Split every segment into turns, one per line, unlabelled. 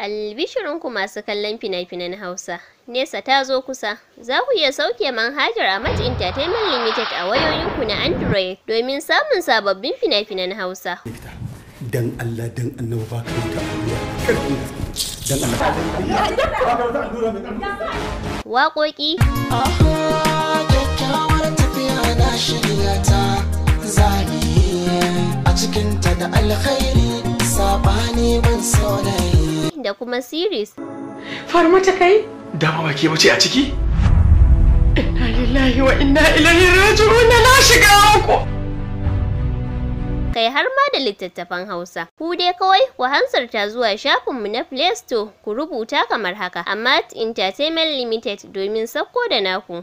Albishirinku masu kallon fina-finan Hausa, Nesa ta zo kusa, za ku iya sauke manhajar Amat Entertainment Limited a wayoyinku na Android domin samun sababbin fina-finan Hausa. Dan Allah dan annabi ba ka wuta Dan Waƙoƙi. cikinta da alkhairi. sabani ban saurayi da kuma series Farma mata kai dama ba ke wuce a ciki inna lillahi wa inna ilaihi raji'un na shiga uku kai har ma da littattafan Hausa. Ku dai kawai ku hansarta zuwa shafinmu na Play Store ku rubuta kamar haka, Amat Entertainment Limited domin sakko da naku.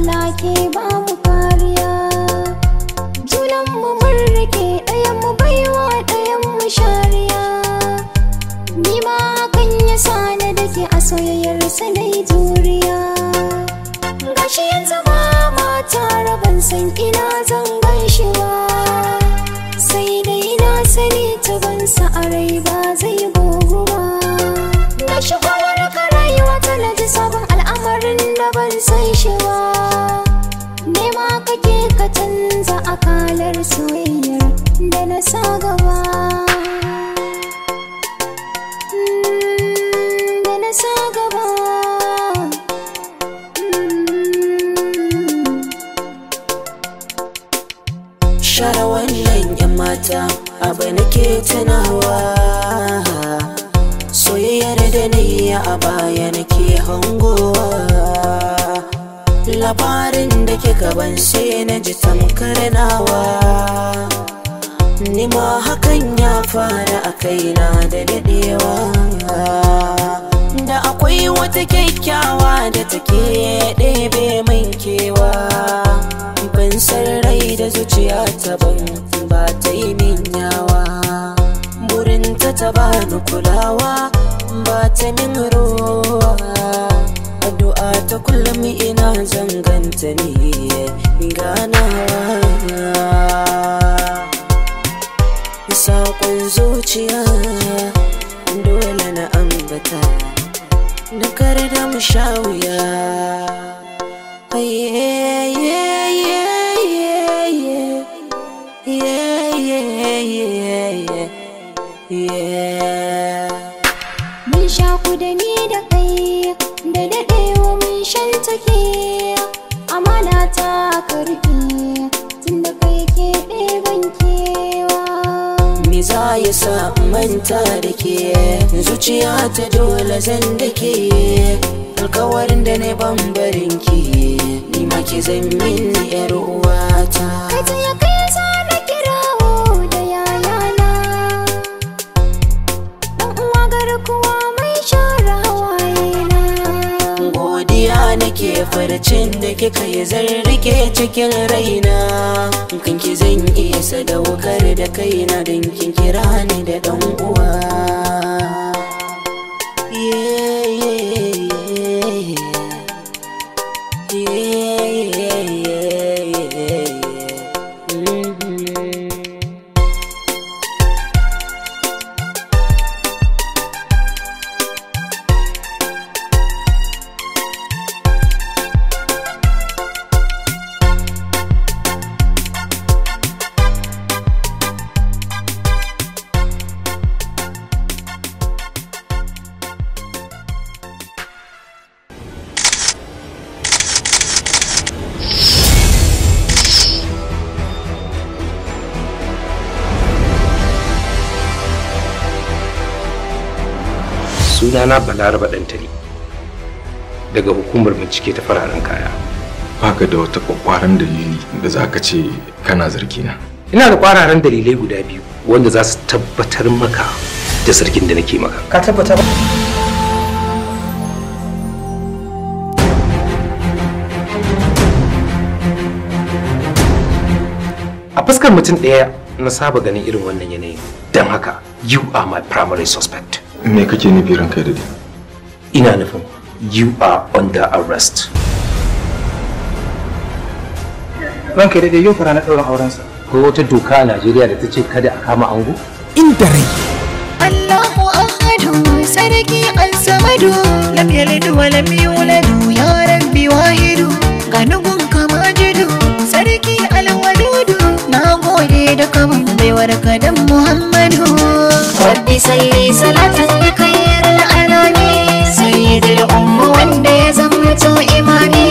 Allah ke ba mu kariya junan mu mun ɗayan mu baiwa ɗayan mu shariya ni ma kan ya sa na dake a soyayyar sa dai juriya gashi yanzu ba ma tare ban san ina zan gaishe ba sai dai na sani ta ban sa a rai ba zai gogu ba gashi kowar ka rayuwa ta na sabon al'amarin da ban san shi na sa gaba da mm,
mm. wannan yan mata abu nake tunawa soyayyar da niyya a baya nake hangowa labarin da ke gaban sai na ji tamkar nawa nima hakan ya fara a kaina da dadewa da akwai wata kyakkyawa da take ɗebe min kewa ban san rai da zuciya ta ban ba ta yi min yawa burinta ta bani kulawa ba ta min ruwa addu'a ta kullum ina zanganta ne ganawa zuciya dole na ambata na kar da mu sha yasa manta da ke zuciya ta dole zan da ke alkawarin da ne bambarin ki ni ma ke zan min yar uwata Godiya nake farcin da kika yi zarrike cikin raina kanki zan iya sadaukar da kaina don kin kira ni da dan uwa
sunana balaraba dantari daga hukumar bincike ta fararen kaya baka da wata kwakwaran dalili da za ka ce kana zargina ina da kwararan dalilai guda biyu wanda za su tabbatar maka da zargin da nake maka ka tabbata ba a fuskar mutum ɗaya na saba ganin irin wannan yanayin don haka you are my primary suspect
me kake nufi kai da
ina nufin you are under arrest ranka da yau fara na ɗaurin aurensa ko wata doka a Najeriya da ta ce kada a kama ango inda rai
Allahu ahadu sarki as-samadu lam yalid wa lam yulad ya rabbi wahidu ganugun kama jidu sarki al-wadudu da kamun baiwar
kadan Muhammadu rabbi salli salatan bi khairil anami sayyidil ummu wanda ya zama to imami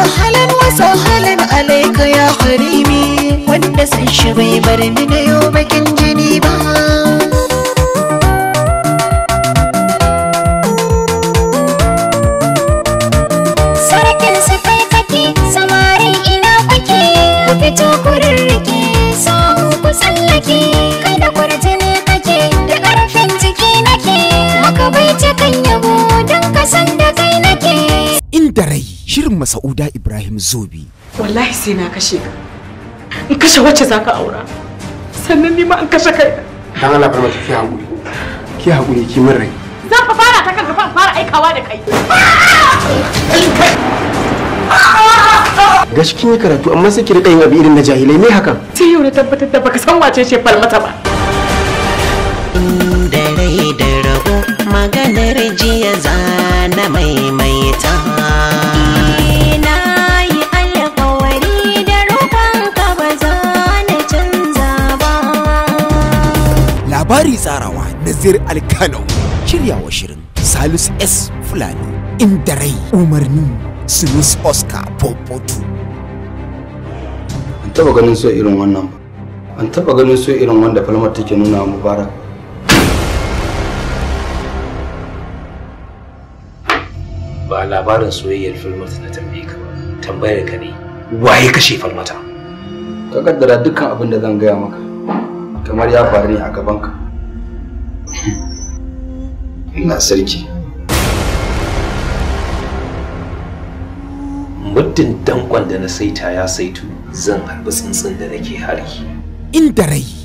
ahlan wa
sahlan alayka ya karimi wanda san shi bai bar ni da yau bakin
jini ba Sa'uda Ibrahim Zobi. Wallahi sai na kashe ka. In kashe wacce za ka aura. Sannan ni ma in kashe kai. Dan Allah bar mata ki haƙuri. Ki haƙuri ki min rai. Za ka fara ta kanka fa fara aikawa da kai. Gaskiya karatu amma sai ki rika yin abu irin na jahilai ne hakan. Sai yau na tabbatar da baka san wace ce falmata ba. labari tsarawa na zir alkano shiryawa shirin salus s fulani inda rai umarni sinus oscar popotu
an taba ganin so irin wannan ba an taba ganin so irin wanda falmar take nuna wa mubarak
ba labarin soyayyar falmar na tambaye ka ba tambayar ka ne waye kashe falmata ka kaddara dukkan abin da zan gaya maka kamar ya faru ne a gabanka ina sarki muddin dankon da na saita ya saitu zan harbi tsuntsun da nake hari inda rai